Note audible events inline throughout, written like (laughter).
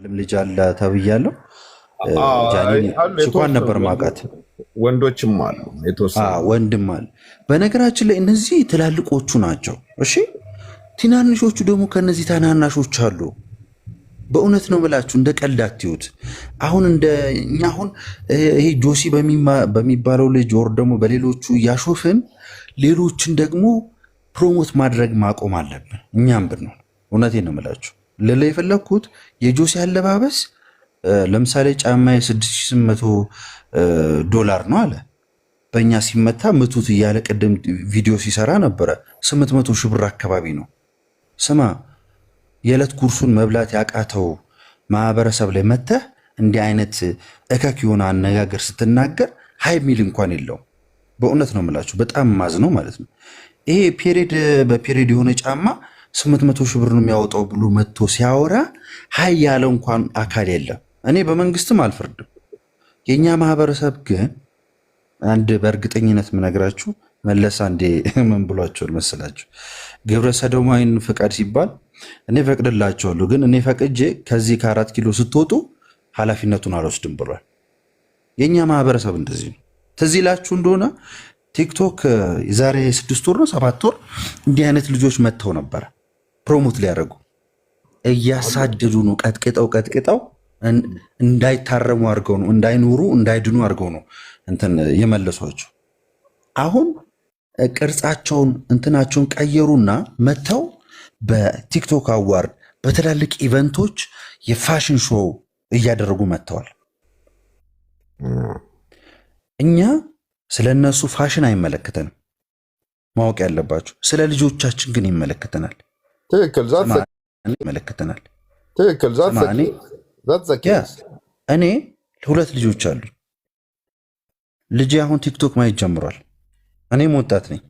አለም ልጅ አለ ተብያለሁ። ነበር ማውቃት ወንዶችም አሉ ወንድም በነገራችን ላይ እነዚህ ትላልቆቹ ናቸው። እሺ ትናንሾቹ ደግሞ ከነዚህ ታናናሾች አሉ። በእውነት ነው ምላችሁ እንደ ቀልድ አትዩት። አሁን እንደ እኛ አሁን ይሄ ጆሲ በሚባለው ልጅ ወር ደግሞ በሌሎቹ እያሾፍን ሌሎችን ደግሞ ፕሮሞት ማድረግ ማቆም አለብን። እኛም ብንሆን እውነቴን ነው ምላችሁ ልለ የፈለግኩት የጆሲ አለባበስ ለምሳሌ ጫማ የ6800 ዶላር ነው አለ። በእኛ ሲመታ ምቱት እያለ ቅድም ቪዲዮ ሲሰራ ነበረ። 800 ሺህ ብር አካባቢ ነው። ስማ የዕለት ጉርሱን መብላት ያቃተው ማህበረሰብ ላይ መተህ እንዲህ አይነት እከክ የሆነ አነጋገር ስትናገር ሀይ ሚል እንኳን የለውም። በእውነት ነው የምላችሁ። በጣም ማዝ ነው ማለት ነው። ይሄ ፔሬድ በፔሬድ የሆነ ጫማ ስምንት መቶ ሺህ ብር ነው የሚያወጣው ብሎ መጥቶ ሲያወራ ሀይ ያለ እንኳን አካል የለም። እኔ በመንግስትም አልፈርድም። የእኛ ማህበረሰብ ግን አንድ በእርግጠኝነት የምነግራችሁ መለስ አንዴ (laughs) ምን ብሏቸዋል መሰላችሁ? ግብረ ሰዶማዊን ፍቃድ ሲባል እኔ ፈቅድላቸዋለሁ፣ ግን እኔ ፈቅጄ ከዚህ ከአራት ኪሎ ስትወጡ ኃላፊነቱን አልወስድም ብሏል። የእኛ ማህበረሰብ እንደዚህ ነው። ትዝ ይላችሁ እንደሆነ ቲክቶክ የዛሬ ስድስት ወር ነው ሰባት ወር እንዲህ አይነት ልጆች መጥተው ነበረ። ፕሮሞት ሊያደርጉ እያሳደዱ ነው። ቀጥቅጠው ቀጥቅጠው እንዳይታረሙ አድርገው ነው፣ እንዳይኖሩ እንዳይድኑ አድርገው ነው እንትን የመለሷቸው። አሁን ቅርጻቸውን እንትናቸውን ቀየሩና መጥተው በቲክቶክ አዋርድ በትላልቅ ኢቨንቶች የፋሽን ሾው እያደረጉ መጥተዋል። እኛ ስለ እነሱ ፋሽን አይመለከተንም። ማወቅ ያለባቸው ስለ ልጆቻችን ግን ይመለከተናል። ትክክል ይመለከተናል። ትክክል እኔ ሁለት ልጆች አሉ። ልጄ አሁን ቲክቶክ ማየት ጀምሯል። እኔም ወጣት ነኝ፣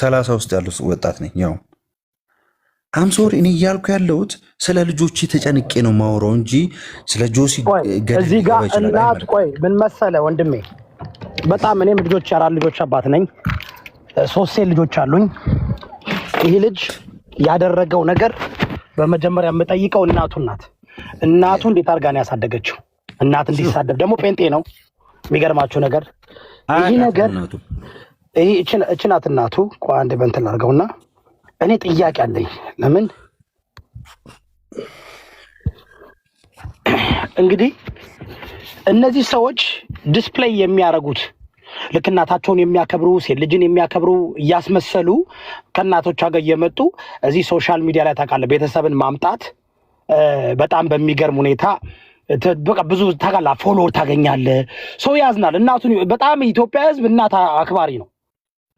ሰላሳ ውስጥ ያሉ ወጣት ነኝ። ያው አምሶር እኔ እያልኩ ያለሁት ስለ ልጆች ተጨንቄ ነው ማውረው እንጂ ስለ ጆሲ እዚህ ጋር እናት ቆይ ምን መሰለ ወንድሜ፣ በጣም እኔም ልጆች አራት ልጆች አባት ነኝ። ሶስት ሴት ልጆች አሉኝ። ይህ ልጅ ያደረገው ነገር በመጀመሪያ የምጠይቀው እናቱን ናት። እናቱ እንዴት አድርጋ ነው ያሳደገችው? እናት እንዲሳደብ ደግሞ ጴንጤ ነው። የሚገርማችሁ ነገር ይህ ነገር እቺ ናት እናቱ። ቆይ አንዴ በእንትን አድርገውና እኔ ጥያቄ አለኝ። ለምን እንግዲህ እነዚህ ሰዎች ዲስፕሌይ የሚያደርጉት ልክ እናታቸውን የሚያከብሩ ሴት ልጅን የሚያከብሩ እያስመሰሉ ከእናቶች ጋር እየመጡ እዚህ ሶሻል ሚዲያ ላይ ታውቃለህ፣ ቤተሰብን ማምጣት በጣም በሚገርም ሁኔታ በቃ ብዙ ታውቃለህ፣ ፎሎወር ታገኛለህ። ሰው ያዝናል። እናቱን በጣም የኢትዮጵያ ህዝብ እናት አክባሪ ነው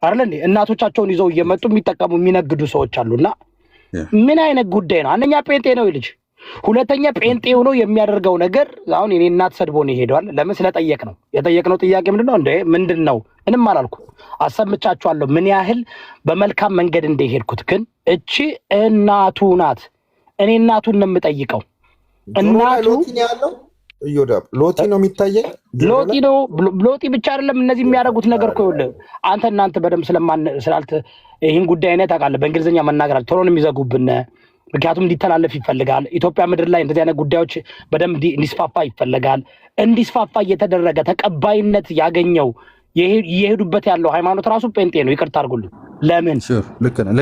አለ እናቶቻቸውን ይዘው እየመጡ የሚጠቀሙ የሚነግዱ ሰዎች አሉና ምን አይነት ጉዳይ ነው? አንደኛ ጴንጤ ነው ልጅ ሁለተኛ ጴንጤ ሆኖ የሚያደርገው ነገር አሁን እኔ እናት ሰድቦን ይሄደዋል። ለምን ስለጠየቅ ነው። የጠየቅነው ጥያቄ ምንድን ነው? እንደ ምንድን ነው እንም አላልኩ። አሰምቻችኋለሁ ምን ያህል በመልካም መንገድ እንደሄድኩት። ግን እቺ እናቱ ናት። እኔ እናቱን ነው የምጠይቀው። እናቱ ሎጢ ነው የሚታየኝ። ሎቲ ነው ሎጢ ብቻ አይደለም እነዚህ የሚያደርጉት ነገር እኮ ይኸውልህ፣ አንተ እናንተ በደንብ ስላልት ይህን ጉዳይ አይነት ታውቃለህ። በእንግሊዝኛ መናገር አለ ቶሎ የሚዘጉብን ምክንያቱም እንዲተላለፍ ይፈልጋል። ኢትዮጵያ ምድር ላይ እንደዚህ አይነት ጉዳዮች በደንብ እንዲስፋፋ ይፈልጋል። እንዲስፋፋ እየተደረገ ተቀባይነት ያገኘው እየሄዱበት ያለው ሃይማኖት ራሱ ጴንጤ ነው። ይቅርታ አድርጉልኝ። ለምን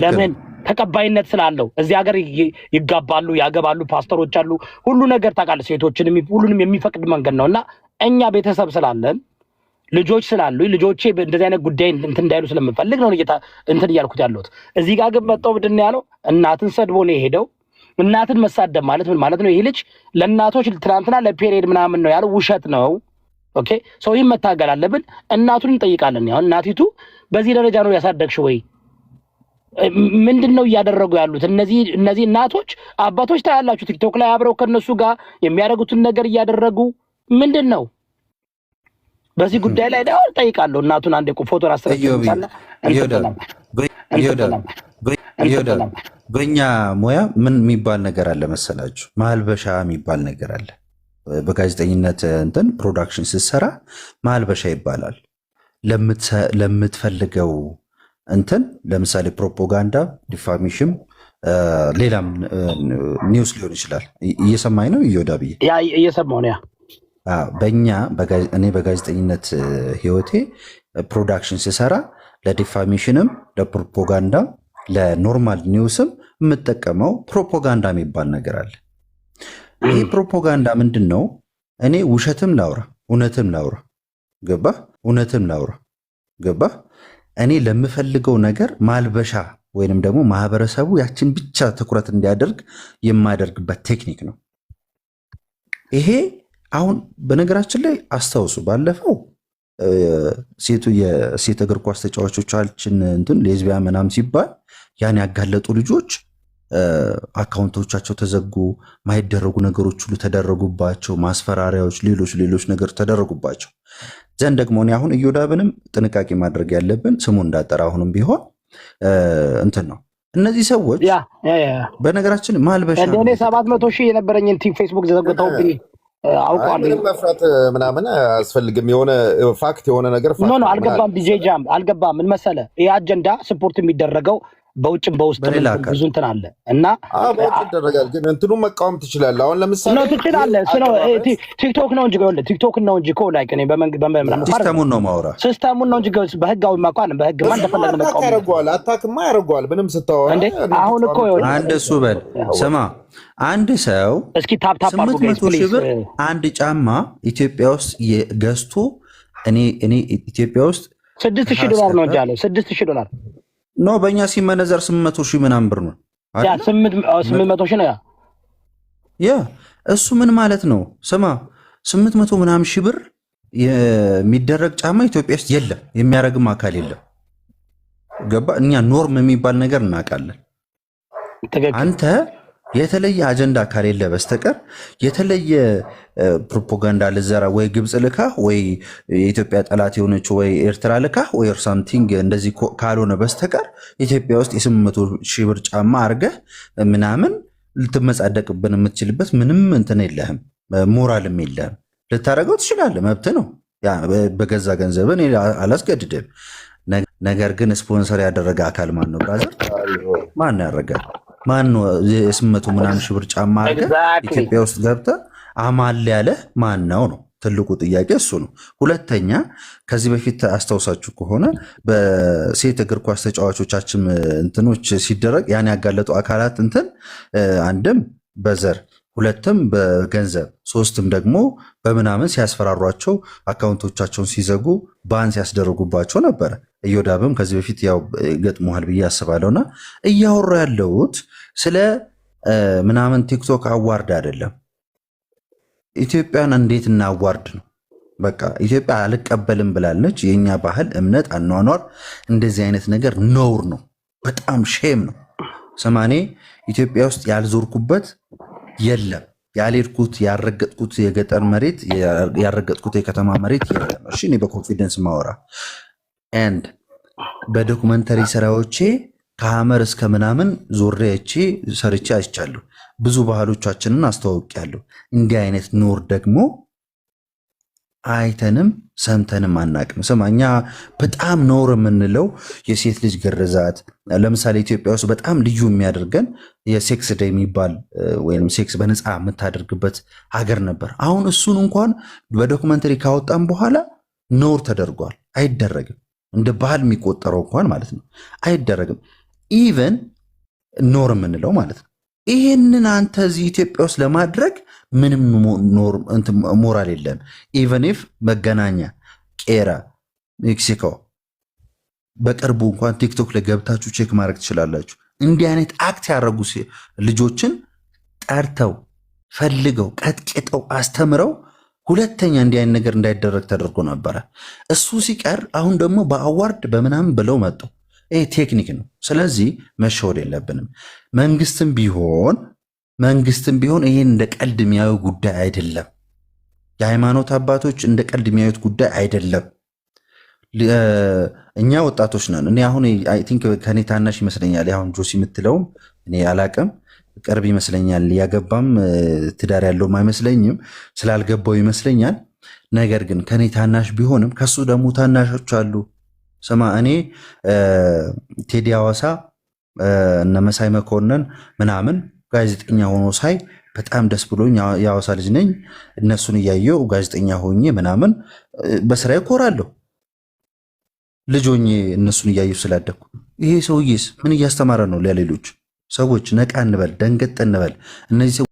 ለምን ተቀባይነት ስላለው እዚህ ሀገር ይጋባሉ፣ ያገባሉ፣ ፓስተሮች አሉ፣ ሁሉ ነገር ታውቃለህ። ሴቶችን ሁሉንም የሚፈቅድ መንገድ ነው እና እኛ ቤተሰብ ስላለን ልጆች ስላሉ ልጆቼ እንደዚህ አይነት ጉዳይ እንትን እንዳይሉ ስለምፈልግ ነው እንትን እያልኩት ያለሁት። እዚህ ጋር ግን መጣው ምንድን ያለው እናትን ሰድቦ ነው የሄደው። እናትን መሳደብ ማለት ምን ማለት ነው? ይህ ልጅ ለእናቶች ትናንትና ለፔሬድ ምናምን ነው ያለው፣ ውሸት ነው። ኦኬ ሰው ይህም መታገል አለብን። እናቱን እንጠይቃለን። ያው እናቲቱ በዚህ ደረጃ ነው ያሳደግሽ ወይ ምንድን ነው እያደረጉ ያሉት እነዚህ እነዚህ እናቶች አባቶች ታያላችሁ፣ ቲክቶክ ላይ አብረው ከነሱ ጋር የሚያደርጉትን ነገር እያደረጉ ምንድን ነው በዚህ ጉዳይ ላይ ዳው ጠይቃለሁ። እናቱን አንድ ፎቶ በእኛ ሙያ ምን የሚባል ነገር አለ መሰላችሁ? ማልበሻ የሚባል ነገር አለ። በጋዜጠኝነት እንትን ፕሮዳክሽን ስትሰራ ማልበሻ ይባላል። ለምትፈልገው እንትን ለምሳሌ ፕሮፓጋንዳ፣ ዲፋሚሽም ሌላም ኒውስ ሊሆን ይችላል። እየሰማኝ ነው እዮዳ ብዬ እየሰማሁ ነው በእኛ እኔ በጋዜጠኝነት ህይወቴ ፕሮዳክሽን ስሰራ ለዲፋሜሽንም ለፕሮፓጋንዳም ለኖርማል ኒውስም የምጠቀመው ፕሮፓጋንዳ የሚባል ነገር አለ። ይህ ፕሮፓጋንዳ ምንድን ነው? እኔ ውሸትም ላውራ እውነትም ላውራ ገባ፣ እውነትም ላውራ ገባ። እኔ ለምፈልገው ነገር ማልበሻ ወይንም ደግሞ ማህበረሰቡ ያችን ብቻ ትኩረት እንዲያደርግ የማደርግበት ቴክኒክ ነው ይሄ አሁን በነገራችን ላይ አስታውሱ ባለፈው ሴቱ የሴት እግር ኳስ ተጫዋቾቻችን እንትን ሌዝቢያ ምናምን ሲባል ያን ያጋለጡ ልጆች አካውንቶቻቸው ተዘጉ፣ ማይደረጉ ነገሮች ሁሉ ተደረጉባቸው፣ ማስፈራሪያዎች፣ ሌሎች ሌሎች ነገር ተደረጉባቸው። ዘንድ ደግሞ እኔ አሁን እዮዳብንም ጥንቃቄ ማድረግ ያለብን ስሙ እንዳጠራ አሁንም ቢሆን እንትን ነው እነዚህ ሰዎች በነገራችን ማልበሻ ሰባት መቶ ሺህ የነበረኝን ቲም ፌስቡክ ዘግተውብኝ አውቋለሁ መፍራት ምናምን አያስፈልግም። የሆነ ፋክት የሆነ ነገር ኖ አልገባም። ዲጄ ጃም አልገባም። ምን መሰለ ይህ አጀንዳ ስፖርት የሚደረገው በውጭም በውስጥ ብዙ እንትን አለ እና ይደረጋል። ግን እንትኑ መቃወም ትችላለህ። አሁን ለምሳሌ ነው ትችላለህ። ቲክቶክ ነው እንጂ ቲክቶክ ነው እንጂ ላይክ ሲስተሙን ነው ማውራ ሲስተሙን ነው እንጂ በህጋዊ ማቋን በህግ ማ እንደፈለግ መቃወም ያደርገዋል። አታክማ ያደርገዋል። ምንም ስታወራ እንዴ አሁን እኮ አንድ እሱ በል ስማ አንድ ሰው እስኪ ስምንት መቶ ሺህ ብር አንድ ጫማ ኢትዮጵያ ውስጥ ገዝቶ እኔ እኔ ኢትዮጵያ ውስጥ ስድስት ሺህ ዶላር ነው እንጂ አለው ስድስት ሺህ ዶላር ኖ በእኛ ሲመነዘር ስምመቶ ሺህ ምናምን ብር ነው። ሺህ ነው ያ እሱ ምን ማለት ነው? ስማ ስምንት መቶ ምናምን ሺህ ብር የሚደረግ ጫማ ኢትዮጵያ ውስጥ የለም፣ የሚያደርግም አካል የለም። ገባ እኛ ኖርም የሚባል ነገር እናውቃለን። አንተ የተለየ አጀንዳ ከሌለ በስተቀር የተለየ ፕሮፓጋንዳ ልዘራ ወይ ግብፅ ልካ ወይ የኢትዮጵያ ጠላት የሆነች ወይ ኤርትራ ልካ ወይ ሳምቲንግ እንደዚህ ካልሆነ በስተቀር ኢትዮጵያ ውስጥ የስምንት ሺህ ብር ጫማ አድርገህ ምናምን ልትመጻደቅብን የምትችልበት ምንም እንትን የለህም፣ ሞራልም የለህም። ልታደርገው ትችላለህ፣ መብት ነው። በገዛ ገንዘብ እኔ አላስገድድም። ነገር ግን ስፖንሰር ያደረገ አካል ማን ነው? ብራዘር ማን ያደረገ ማን ነው የስምንት መቶ ምናምን ሺህ ብር ጫማ አድርገህ ኢትዮጵያ ውስጥ ገብተህ አማል ያለህ ማን ነው ነው ትልቁ ጥያቄ እሱ ነው። ሁለተኛ ከዚህ በፊት አስታውሳችሁ ከሆነ በሴት እግር ኳስ ተጫዋቾቻችን እንትኖች ሲደረግ ያን ያጋለጡ አካላት እንትን አንድም በዘር ሁለትም በገንዘብ ሶስትም ደግሞ በምናምን ሲያስፈራሯቸው አካውንቶቻቸውን ሲዘጉ ባን ሲያስደረጉባቸው ነበረ። እዮዳብም ከዚህ በፊት ያው ገጥሞሃል ብዬ አስባለሁና እያወሩ ያለሁት ስለ ምናምን ቲክቶክ አዋርድ አይደለም። ኢትዮጵያን እንዴት እናዋርድ ነው። በቃ ኢትዮጵያ አልቀበልም ብላለች። የእኛ ባህል፣ እምነት፣ አኗኗር እንደዚህ አይነት ነገር ነውር ነው። በጣም ሼም ነው። ሰማኔ ኢትዮጵያ ውስጥ ያልዞርኩበት የለም ያልሄድኩት ያረገጥኩት የገጠር መሬት ያረገጥኩት የከተማ መሬት የለም። እሺ እኔ በኮንፊደንስ ማወራ ኤንድ በዶኩመንተሪ ስራዎቼ ከሀመር እስከ ምናምን ዞሬ አይቼ ሰርቼ አይቻለሁ። ብዙ ባህሎቻችንን ያለሁ እንዲህ አይነት ኖር ደግሞ አይተንም ሰምተንም አናቅም። ስማ እኛ በጣም ኖር የምንለው የሴት ልጅ ግርዛት፣ ለምሳሌ ኢትዮጵያ ውስጥ በጣም ልዩ የሚያደርገን የሴክስ ደ የሚባል ወይም ሴክስ በነፃ የምታደርግበት ሀገር ነበር። አሁን እሱን እንኳን በዶክመንተሪ ካወጣም በኋላ ኖር ተደርጓል። አይደረግም። እንደ ባህል የሚቆጠረው እንኳን ማለት ነው አይደረግም። ኢቨን ኖር የምንለው ማለት ነው ይህንን አንተ እዚህ ኢትዮጵያ ውስጥ ለማድረግ ምንም ሞራል የለም። ኢቨን ኢፍ መገናኛ፣ ቄራ፣ ሜክሲኮ በቅርቡ እንኳን ቲክቶክ ላይ ገብታችሁ ቼክ ማድረግ ትችላላችሁ። እንዲህ አይነት አክት ያደረጉ ልጆችን ጠርተው ፈልገው ቀጥቅጠው አስተምረው ሁለተኛ እንዲህ አይነት ነገር እንዳይደረግ ተደርጎ ነበረ። እሱ ሲቀር አሁን ደግሞ በአዋርድ በምናምን ብለው መጡ። ይሄ ቴክኒክ ነው። ስለዚህ መሸወድ የለብንም። መንግስትም ቢሆን መንግስትም ቢሆን ይሄን እንደ ቀልድ የሚያዩ ጉዳይ አይደለም። የሃይማኖት አባቶች እንደ ቀልድ የሚያዩት ጉዳይ አይደለም። እኛ ወጣቶች ነን። እኔ አሁን ቲንክ ከኔ ታናሽ ይመስለኛል። አሁን ጆሲ የምትለውም እኔ አላቅም ቅርብ ይመስለኛል። ያገባም ትዳር ያለውም አይመስለኝም። ስላልገባው ይመስለኛል። ነገር ግን ከኔ ታናሽ ቢሆንም ከሱ ደግሞ ታናሾች አሉ ስማ እኔ ቴዲ አዋሳ እነ መሳይ መኮንን ምናምን ጋዜጠኛ ሆኖ ሳይ በጣም ደስ ብሎኝ የአዋሳ ልጅ ነኝ። እነሱን እያየው ጋዜጠኛ ሆኜ ምናምን በስራ ይኮራለሁ? ልጅ ሆኜ እነሱን እያየው ስላደግኩ ይሄ ሰውዬስ ምን እያስተማረ ነው? ለሌሎች ሰዎች ነቃ እንበል፣ ደንገጥ እንበል። እነዚህ